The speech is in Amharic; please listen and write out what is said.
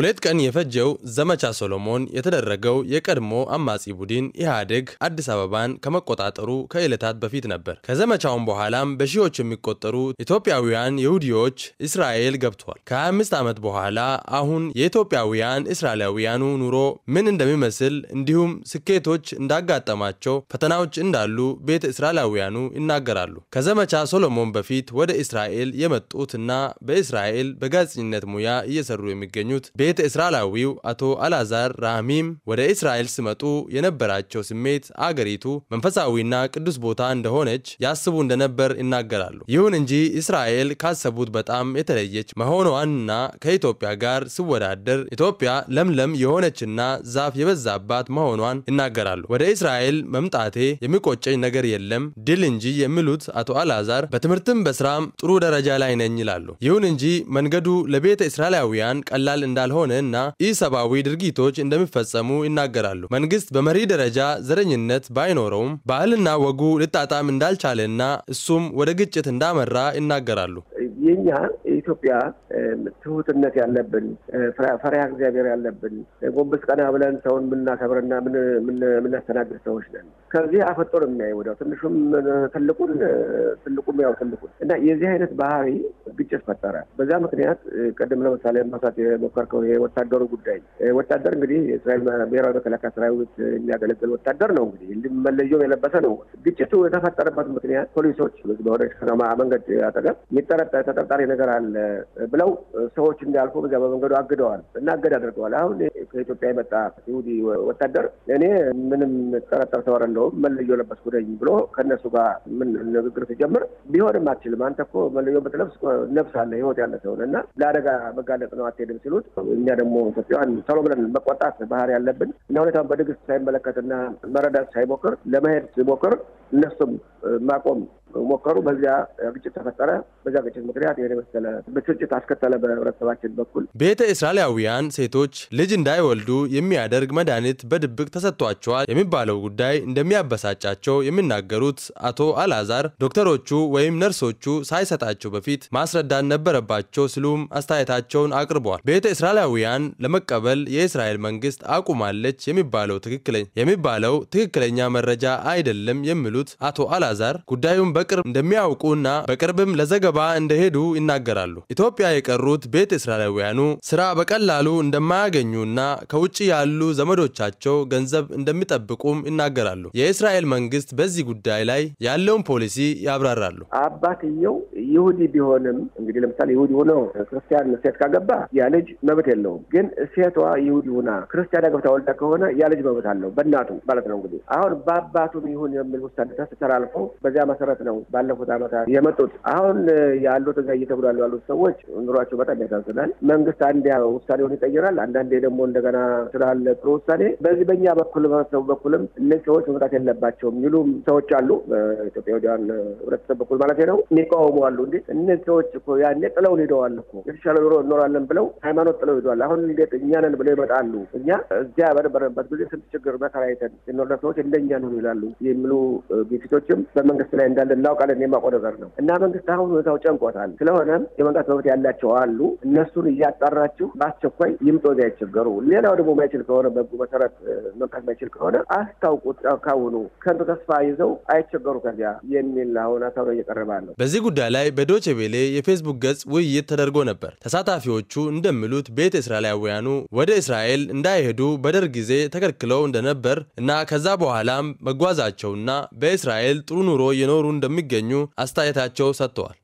ሁለት ቀን የፈጀው ዘመቻ ሶሎሞን የተደረገው የቀድሞ አማጺ ቡድን ኢህአዴግ አዲስ አበባን ከመቆጣጠሩ ከዕለታት በፊት ነበር። ከዘመቻውም በኋላም በሺዎች የሚቆጠሩ ኢትዮጵያውያን ይሁዲዎች እስራኤል ገብተዋል። ከ25 ዓመት በኋላ አሁን የኢትዮጵያውያን እስራኤላውያኑ ኑሮ ምን እንደሚመስል እንዲሁም ስኬቶች እንዳጋጠማቸው፣ ፈተናዎች እንዳሉ ቤተ እስራኤላውያኑ ይናገራሉ። ከዘመቻ ሶሎሞን በፊት ወደ እስራኤል የመጡትና በእስራኤል በጋዜጠኝነት ሙያ እየሰሩ የሚገኙት ቤተ እስራኤላዊው አቶ አላዛር ራሚም ወደ እስራኤል ሲመጡ የነበራቸው ስሜት አገሪቱ መንፈሳዊና ቅዱስ ቦታ እንደሆነች ያስቡ እንደነበር ይናገራሉ። ይሁን እንጂ እስራኤል ካሰቡት በጣም የተለየች መሆኗንና ከኢትዮጵያ ጋር ሲወዳደር ኢትዮጵያ ለምለም የሆነችና ዛፍ የበዛባት መሆኗን ይናገራሉ። ወደ እስራኤል መምጣቴ የሚቆጨኝ ነገር የለም ድል እንጂ የሚሉት አቶ አላዛር በትምህርትም በስራም ጥሩ ደረጃ ላይ ነኝ ይላሉ። ይሁን እንጂ መንገዱ ለቤተ እስራኤላውያን ቀላል እንዳልሆነ እንደሆነ እና ኢሰብአዊ ድርጊቶች እንደሚፈጸሙ ይናገራሉ። መንግስት በመሪ ደረጃ ዘረኝነት ባይኖረውም ባህልና ወጉ ልጣጣም እንዳልቻለና እሱም ወደ ግጭት እንዳመራ ይናገራሉ። የኛ የኢትዮጵያ ትሁትነት ያለብን ፈሪሃ እግዚአብሔር ያለብን ጎንበስ ቀና ብለን ሰውን የምናከብርና የምናስተናግድ ሰዎች ነን። ከዚህ አፈጦር የሚያይ ወዲያው ትንሹም ትልቁን ትልቁም ያው ትልቁን እና የዚህ አይነት ባህሪ ግጭት ፈጠረ። በዚያ ምክንያት ቅድም ለምሳሌ ማንሳት የሞከርከው የወታደሩ ጉዳይ ወታደር እንግዲህ የእስራኤል ብሔራዊ መከላከያ ሰራዊት የሚያገለግል ወታደር ነው። እንግዲህ መለዮም የለበሰ ነው። ግጭቱ የተፈጠረበት ምክንያት ፖሊሶች በሆነ ከተማ መንገድ አጠገብ የሚጠረጠር ተጠርጣሪ ነገር አለ ብለው ሰዎች እንዲያልፉ በዚያ በመንገዱ አግደዋል እና አገድ አድርገዋል። አሁን ከኢትዮጵያ የመጣ ይሁዲ ወታደር እኔ ምንም ጠረጠር ሰው እንደውም መለዮ ለበስኩ ነኝ ብሎ ከእነሱ ጋር ምን ንግግር ሲጀምር ቢሆንም አትችልም አንተ እኮ መለዮ ብትለብስ ነፍስ አለ ህይወት ያለ ሰውን እና ለአደጋ መጋለጥ ነው አትሄድም ሲሉት፣ እኛ ደግሞ ኢትዮጵያን ቶሎ ብለን መቆጣት ባህር ያለብን ለሁኔታውን በትዕግስት ሳይመለከትና መረዳት ሳይሞክር ለመሄድ ሲሞክር እነሱም ማቆም ሞከሩ። በዚያ ግጭት ተፈጠረ። በዚያ ግጭት ምክንያት ይሄን የመሰለ ብስጭት አስከተለ በህብረተሰባችን በኩል። ቤተ እስራኤላውያን ሴቶች ልጅ እንዳይወልዱ የሚያደርግ መድኃኒት በድብቅ ተሰጥቷቸዋል የሚባለው ጉዳይ እንደሚያበሳጫቸው የሚናገሩት አቶ አላዛር ዶክተሮቹ ወይም ነርሶቹ ሳይሰጣቸው በፊት ማስረዳት ነበረባቸው ሲሉም አስተያየታቸውን አቅርበዋል። ቤተ እስራኤላውያን ለመቀበል የእስራኤል መንግስት አቁማለች የሚባለው ትክክለኛ የሚባለው ትክክለኛ መረጃ አይደለም የሚሉት አቶ አላዛር ጉዳዩን በቅርብ እንደሚያውቁና በቅርብም ለዘገባ እንደሄዱ ይናገራሉ። ኢትዮጵያ የቀሩት ቤተ እስራኤላውያኑ ስራ በቀላሉ እንደማያገኙና ከውጭ ያሉ ዘመዶቻቸው ገንዘብ እንደሚጠብቁም ይናገራሉ። የእስራኤል መንግስት በዚህ ጉዳይ ላይ ያለውን ፖሊሲ ያብራራሉ። አባትየው ይሁዲ ቢሆንም እንግዲህ ለምሳሌ ይሁዲ ሆኖ ክርስቲያን ሴት ካገባ ያ ልጅ መብት የለውም። ግን ሴቷ ይሁዲ ሆና ክርስቲያን ገብታ ወልዳ ከሆነ ያ ልጅ መብት አለው፣ በእናቱ ማለት ነው። እንግዲህ አሁን በአባቱም ይሁን የሚል ውሳኔ ተላልፎ በዚያ መሰረት ነው ነው ባለፉት አመታት የመጡት። አሁን ያሉት እዛ እየተጉዳሉ ያሉት ሰዎች ኑሯቸው በጣም ያሳዝናል። መንግስት አንድ ውሳኔውን ይቀይራል፣ አንዳንዴ ደግሞ እንደገና ስላለ ጥሩ ውሳኔ በዚህ በእኛ በኩል በህብረተሰቡ በኩልም እነዚህ ሰዎች መምጣት የለባቸውም የሚሉ ሰዎች አሉ። በኢትዮጵያ ወዲያን ህብረተሰብ በኩል ማለት ነው የሚቃወሙ አሉ። እንዴ እነዚህ ሰዎች እኮ ያኔ ጥለውን ሄደዋል እኮ የተሻለ ኑሮ እኖራለን ብለው ሃይማኖት ጥለው ሄደዋል። አሁን እንዴት እኛንን ብለው ይመጣሉ? እኛ እዚያ በነበረበት ጊዜ ስንት ችግር መከራይተን የኖረ ሰዎች እንደኛ ነው ይላሉ የሚሉ ግፊቶችም በመንግስት ላይ እንዳለ እናውቃለን። እኔም የማውቀው ነገር ነው እና መንግስት አሁን ሁኔታው ጨንቆታል። ስለሆነም የመንቃት መብት ያላቸው አሉ። እነሱን እያጣራችሁ በአስቸኳይ ይምጡ እዚያ ይቸገሩ። ሌላው ደግሞ ማይችል ከሆነ በህጉ መሰረት መንቃት ማይችል ከሆነ አስታውቁት ካሁኑ ከንቱ ተስፋ ይዘው አይቸገሩ ከዚያ የሚል አሁን ሀሳብ ነው እየቀረባለሁ። በዚህ ጉዳይ ላይ በዶቼ ቬሌ የፌስቡክ ገጽ ውይይት ተደርጎ ነበር። ተሳታፊዎቹ እንደሚሉት ቤተ እስራኤላውያኑ ወደ እስራኤል እንዳይሄዱ በደርግ ጊዜ ተከልክለው እንደነበር እና ከዛ በኋላም መጓዛቸውና በእስራኤል ጥሩ ኑሮ የኖሩ እንደ እንደሚገኙ አስተያየታቸው ሰጥተዋል።